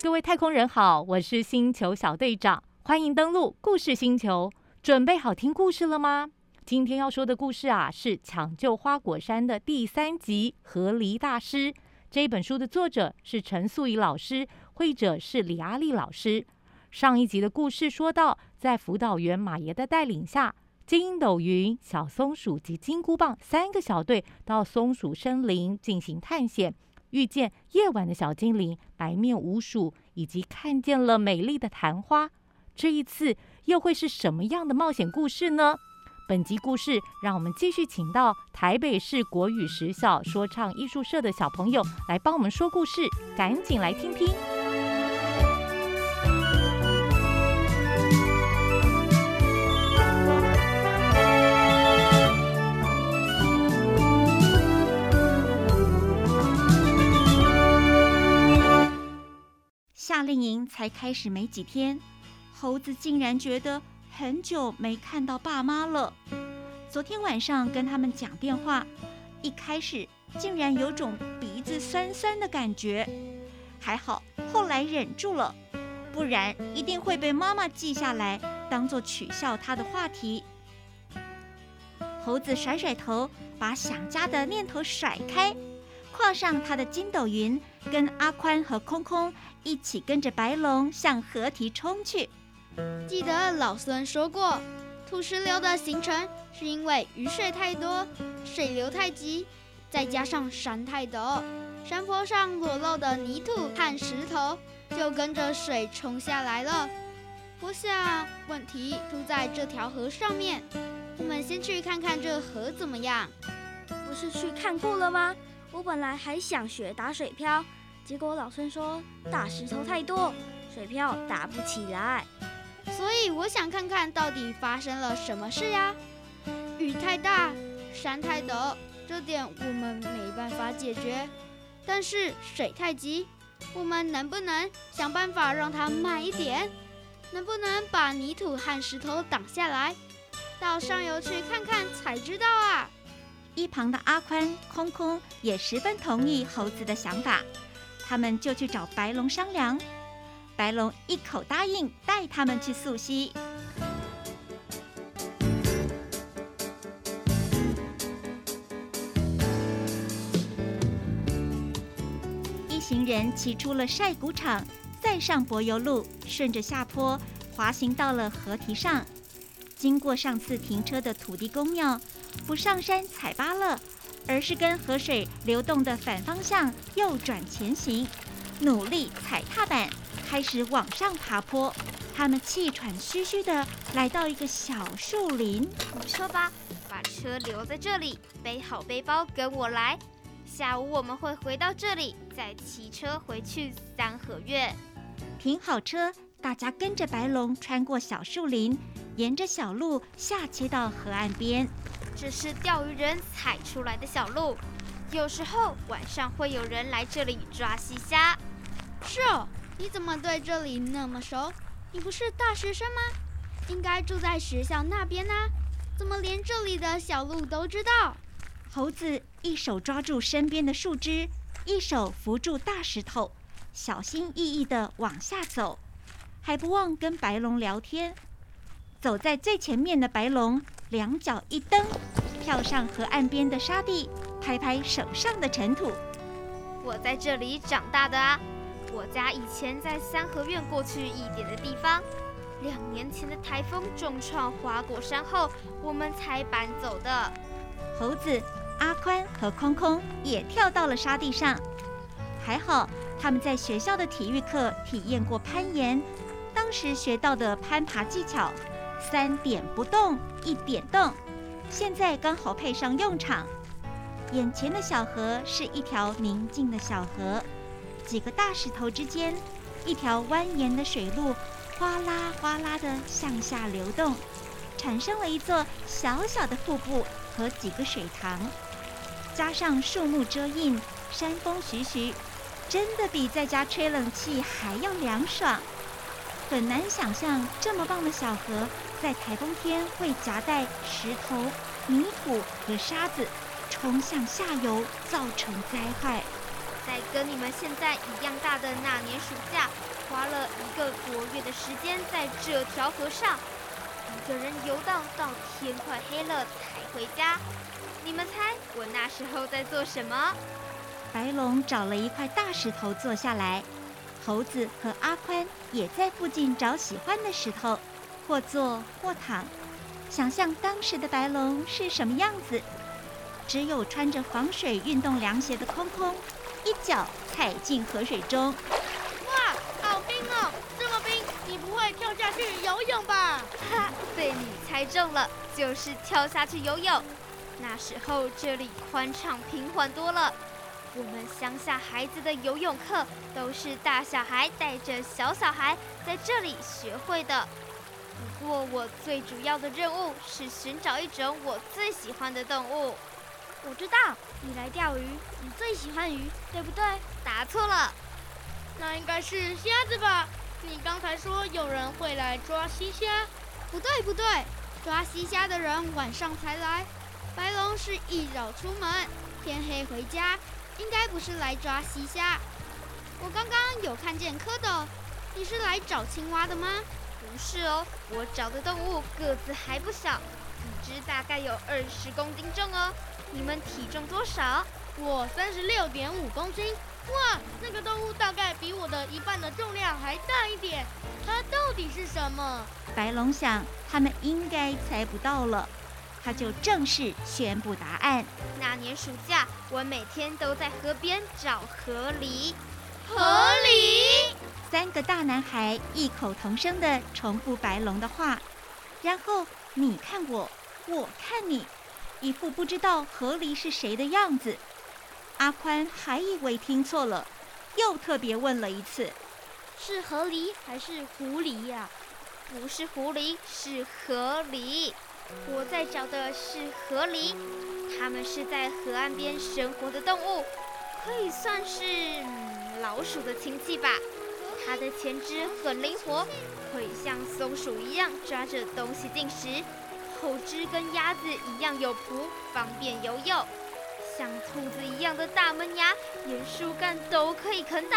各位太空人好，我是星球小隊長，歡迎登錄故事星球，準備好聽故事了嗎？今天要說的故事啊，是《搶救花果山》的第三集《河狸大師》。這本書的作者是陳素宜老師，繪者是李阿力老師。上一集的故事說到，在輔導員馬爺的帶領下，筋斗雲、小松鼠及金箍棒三個小隊到松鼠森林進行探險。遇見夜晚的小精靈、白面鼯鼠，以及看見了美麗的曇花，這一次又會是什麼樣的冒險故事呢？本集故事讓我們繼續請到台北市國語實小說唱藝術社的小朋友來幫我們說故事，趕緊來聽聽。露營才開始沒幾天，猴子竟然覺得很久沒看到爸媽了。昨天晚上跟他們講電話，一開始竟然有種鼻子酸酸的感覺，還好後來忍住了，不然一定會被媽媽記下來，當作取笑他的話題。猴子甩甩頭，把想家的念頭甩開。跨上他的筋斗雲，跟阿寬和空空一起跟着白龍向河堤衝去。記得老孫說過，土石流的形成是因為雨水太多，水流太急，再加上山太陡，山坡上裸露的泥土和石頭就跟着水衝下來了。不像問題出在這條河上面，我們先去看看這河怎麼樣。不是去看過了嗎？我本來還想學打水漂，結果老孫說大石頭太多，水漂打不起來。所以我想看看到底發生了什麼事呀？雨太大，山太陡，這點我們沒辦法解決。但是水太急，我們能不能想辦法讓它慢一點？能不能把泥土和石頭擋下來？到上游去看看才知道啊。一旁的阿寬空空也十分同意猴子的想法，他們就去找白龍商量。白龍一口答應帶他們去溯溪。一行人騎出了曬穀場，再上柏油路，順着下坡滑行到了河堤上。經過上次停車的土地公廟，不上山採芭樂，而是跟河水流動的反方向右轉前行，努力踩踏板，開始往上爬坡。他們氣喘吁吁地來到一個小樹林。停車吧，把車留在這裡，背好背包跟我來。下午我們會回到這裡，再騎車回去三合院。停好車，大家跟着白龍穿過小樹林，沿着小路下切到河岸邊。這是釣魚人踩出來的小路，有時候晚上會有人來這裡抓溪蝦。是哦，你怎麼對這裡那麼熟？你不是大學生嗎？應該住在學校那邊啊，怎麼連這裡的小路都知道？猴子一手抓住身邊的樹枝，一手扶住大石頭，小心翼翼地往下走，還不忘跟白龍聊天。走在最前面的白龍，兩腳一蹬，跳上河岸邊的沙地，拍拍手上的塵土。我在這裡長大的啊，我家以前在三合院過去一點的地方。兩年前的台風重創花果山後，我們才搬走的。猴子阿寬和空空也跳到了沙地上，還好他們在學校的體育課體驗過攀岩，當時學到的攀爬技巧，三點不動，一點動，現在剛好配上用場。眼前的小河是一條寧靜的小河，幾個大石頭之間，一條蜿蜒的水路，嘩啦嘩啦地向下流動，產生了一座小小的瀑布和幾個水塘，加上樹木遮蔭，山風徐徐，真的比在家吹冷氣還要涼爽。很難想象這麼棒的小河，在颱風天會夾帶石頭、泥土和沙子，衝向下游，造成災害。在跟你們現在一樣大的那年暑假，花了一個多月的時間在這條河上，一個人游蕩到天快黑了才回家。你們猜我那時候在做什麼？白龍找了一塊大石頭坐下來，猴子和阿寬也在附近找喜歡的石頭。或坐或躺，想象當時的白龍是什麼樣子。只有穿着防水運動涼鞋的空空，一腳踩進河水中。哇，好冰哦！這麼冰，你不會跳下去游泳吧？哈， 被你猜中了，就是跳下去游泳。那時候這裡寬敞平緩多了。我們鄉下孩子的游泳課，都是大小孩帶着小小孩在這裡學會的。不過我最主要的任務是尋找一種我最喜歡的動物。我知道你來釣魚，你最喜歡魚，對不對？答錯了。那應該是蝦子吧？你剛才說有人會來抓溪蝦。不對不對，抓溪蝦的人晚上才來。白龍是一早出門，天黑回家，應該不是來抓溪蝦。我剛剛有看見蝌蚪，你是來找青蛙的嗎？不是哦，我找的動物個子還不小，一隻大概有二十公斤重哦。你們體重多少？我三十六點五公斤。哇，那個動物大概比我的一半的重量還大一點。它到底是什麼？白龍想，他們應該猜不到了，他就正式宣布答案。那年暑假，我每天都在河邊找河狸。河狸，三個大男孩異口同聲的重複白龍的話，然後你看我，我看你，一副不知道河狸是誰的樣子。阿寬還以為聽錯了，又特別問了一次，是河狸還是狐狸呀、啊？不是狐狸，是河狸。我在找的是河狸，他們是在河岸邊生活的動物，可以算是。老鼠的親戚吧，它的前肢很靈活，可以像松鼠一樣抓着東西進食；後肢跟鴨子一樣有蹼，方便游泳；像兔子一樣的大門牙，連樹幹都可以啃倒。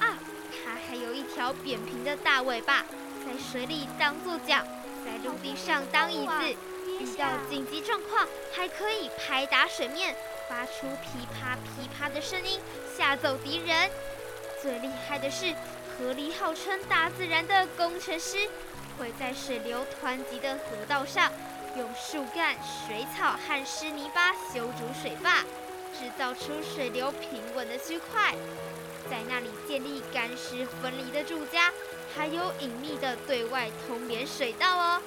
啊，它還有一條扁平的大尾巴，在水裡當作槳，在陸地上當椅子一，遇到緊急狀況還可以拍打水面。發出噼啪噼啪的聲音，嚇走敵人。最厲害的是，河狸號稱大自然的工程師，會在水流湍急的河道上，用樹幹、水草和濕泥巴修築水壩，製造出水流平穩的區塊，在那裡建立乾濕分離的住家，還有隱秘的對外通連水道哦。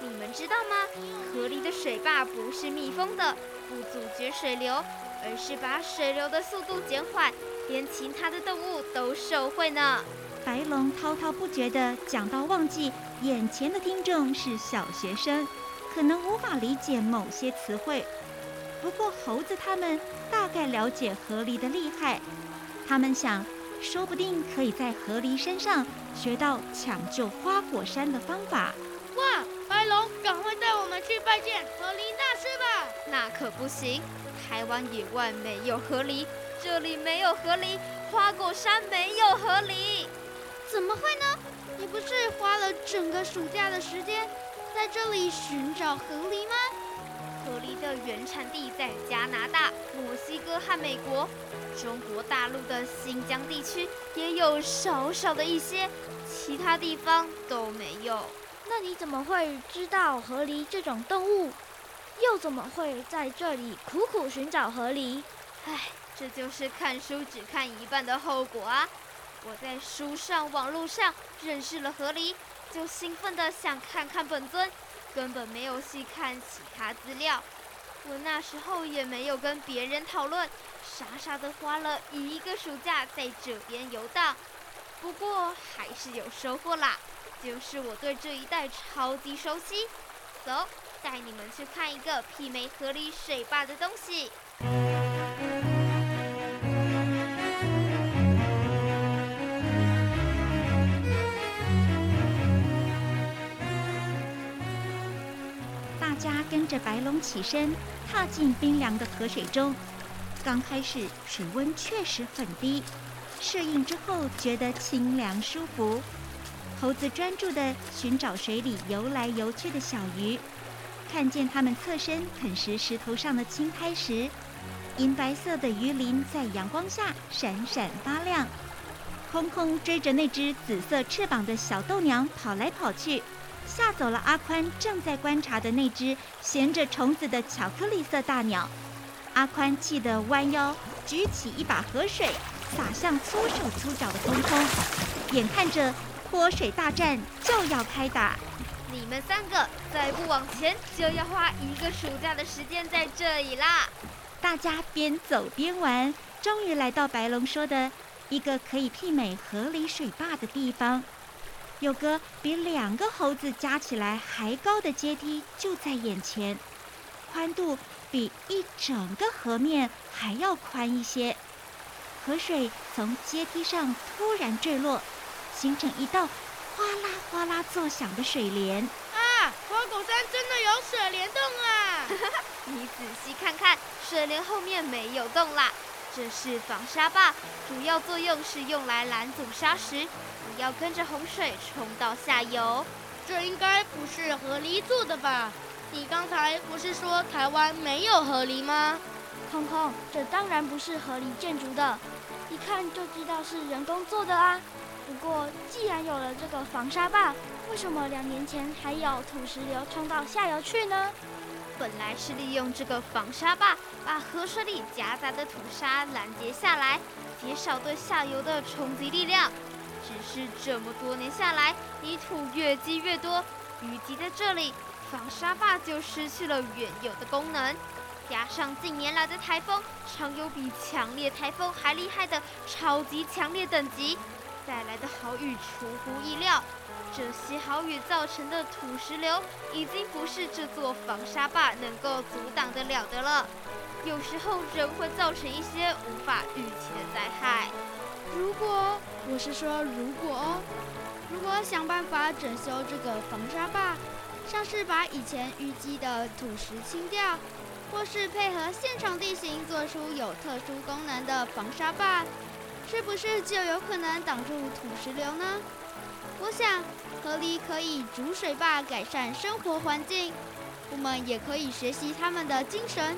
你們知道嗎？河狸的水壩不是密封的。不阻絕水流，而是把水流的速度減緩，連其他的動物都受惠呢。白龍滔滔不絕地講到忘記，眼前的聽眾是小學生，可能無法理解某些詞彙。不過猴子他們大概了解河狸的厲害，他們想，說不定可以在河狸身上學到搶救花果山的方法。哇，白龍，趕快帶我們去拜見河狸大師。那可不行，台灣野外沒有河狸。這裡沒有河狸，花果山沒有河狸，怎麼會呢？你不是花了整個暑假的時間在這裡尋找河狸嗎？河狸的原產地在加拿大、墨西哥和美國，中國大陸的新疆地區也有少少的一些，其他地方都沒有。那你怎麼會知道河狸這種動物？又怎麼會在這裡苦苦尋找河狸？唉，這就是看書只看一半的後果啊！我在書上、網絡上認識了河狸，就興奮地想看看本尊，根本沒有細看其他資料。我那時候也沒有跟別人討論，傻傻地花了一個暑假在這邊遊蕩。不過還是有收穫啦，就是我對這一帶超級熟悉。走。帶你們去看一個媲美河狸水壩的東西。大家跟着白龍起身，踏進冰涼的河水中。剛開始水溫確實很低，適應之後覺得清涼舒服。猴子專注地尋找水裡游來游去的小魚。看見他們側身啃食石頭上的青苔時，銀白色的魚鱗在陽光下閃閃發亮。空空追着那只紫色翅膀的小豆娘跑來跑去，嚇走了阿寬正在觀察的那只銜着蟲子的巧克力色大鳥。阿寬氣得彎腰舉起一把河水，灑向粗手粗腳的空空，眼看着潑水大戰就要開打。你們三個再不往前，就要花一個暑假的時間在這裡啦！大家邊走邊玩，終於來到白龍說的一個可以媲美河狸水壩的地方。有個比兩個猴子加起來還高的階梯就在眼前，寬度比一整個河面還要寬一些。河水從階梯上突然墜落，形成一道。嘩啦嘩啦作響的水簾啊！花果山真的有水簾洞啊！ 你仔細看看，水簾後面沒有洞啦，這是防沙壩，主要作用是用來攔阻沙石，不要跟着洪水沖到下游。這應該不是河狸做的吧？你剛才不是說台灣沒有河狸嗎？空空，這當然不是河狸建築的，一看就知道是人工做的啊！不過，既然有了這個防沙壩，為什麼兩年前還有土石流沖到下游去呢？本來是利用這個防沙壩把河水裡夾雜的土沙攔截下來，減少對下游的衝擊力量。只是這麼多年下來，泥土越積越多，淤積在這裡，防沙壩就失去了原有的功能。加上近年來的台風，常有比強烈台風還厲害的超級強烈等級。帶來的豪雨出乎意料，這些豪雨造成的土石流已經不是這座防沙壩能夠阻擋得了的了。有時候人會造成一些無法預期的災害。如果我是說如果哦，如果想辦法整修這個防沙壩，像是把以前淤積的土石清掉，或是配合現場地形做出有特殊功能的防沙壩。是不是就有可能擋住土石流呢？我想，河狸可以築水壩改善生活環境，我們也可以學習他們的精神，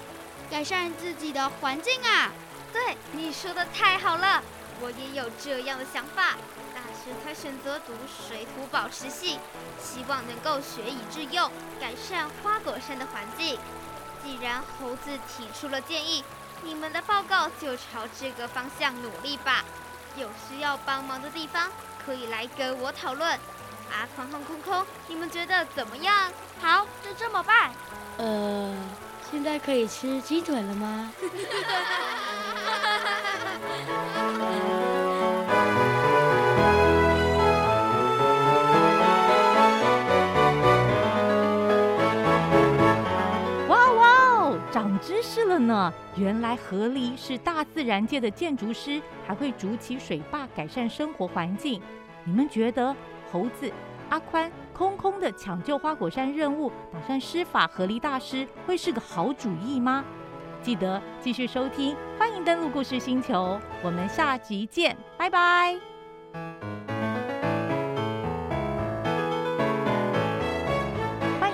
改善自己的環境啊！對，你說的太好了，我也有這樣的想法。大學才選擇讀水土保持系，希望能夠學以致用，改善花果山的環境。既然猴子提出了建議，你們的報告就朝這個方向努力吧，有需要幫忙的地方可以來跟我討論。啊。狂狂、空空，你們覺得怎麼樣？好，就這麼辦。呃，現在可以吃雞腿了嗎？ 知識了呢！原來河狸是大自然界的建築師，還會築起水壩改善生活環境。你們覺得猴子阿寬空空的搶救花果山任務，打算施法河狸大師會是個好主意嗎？記得繼續收聽，歡迎登錄故事星球，我們下集見，拜拜。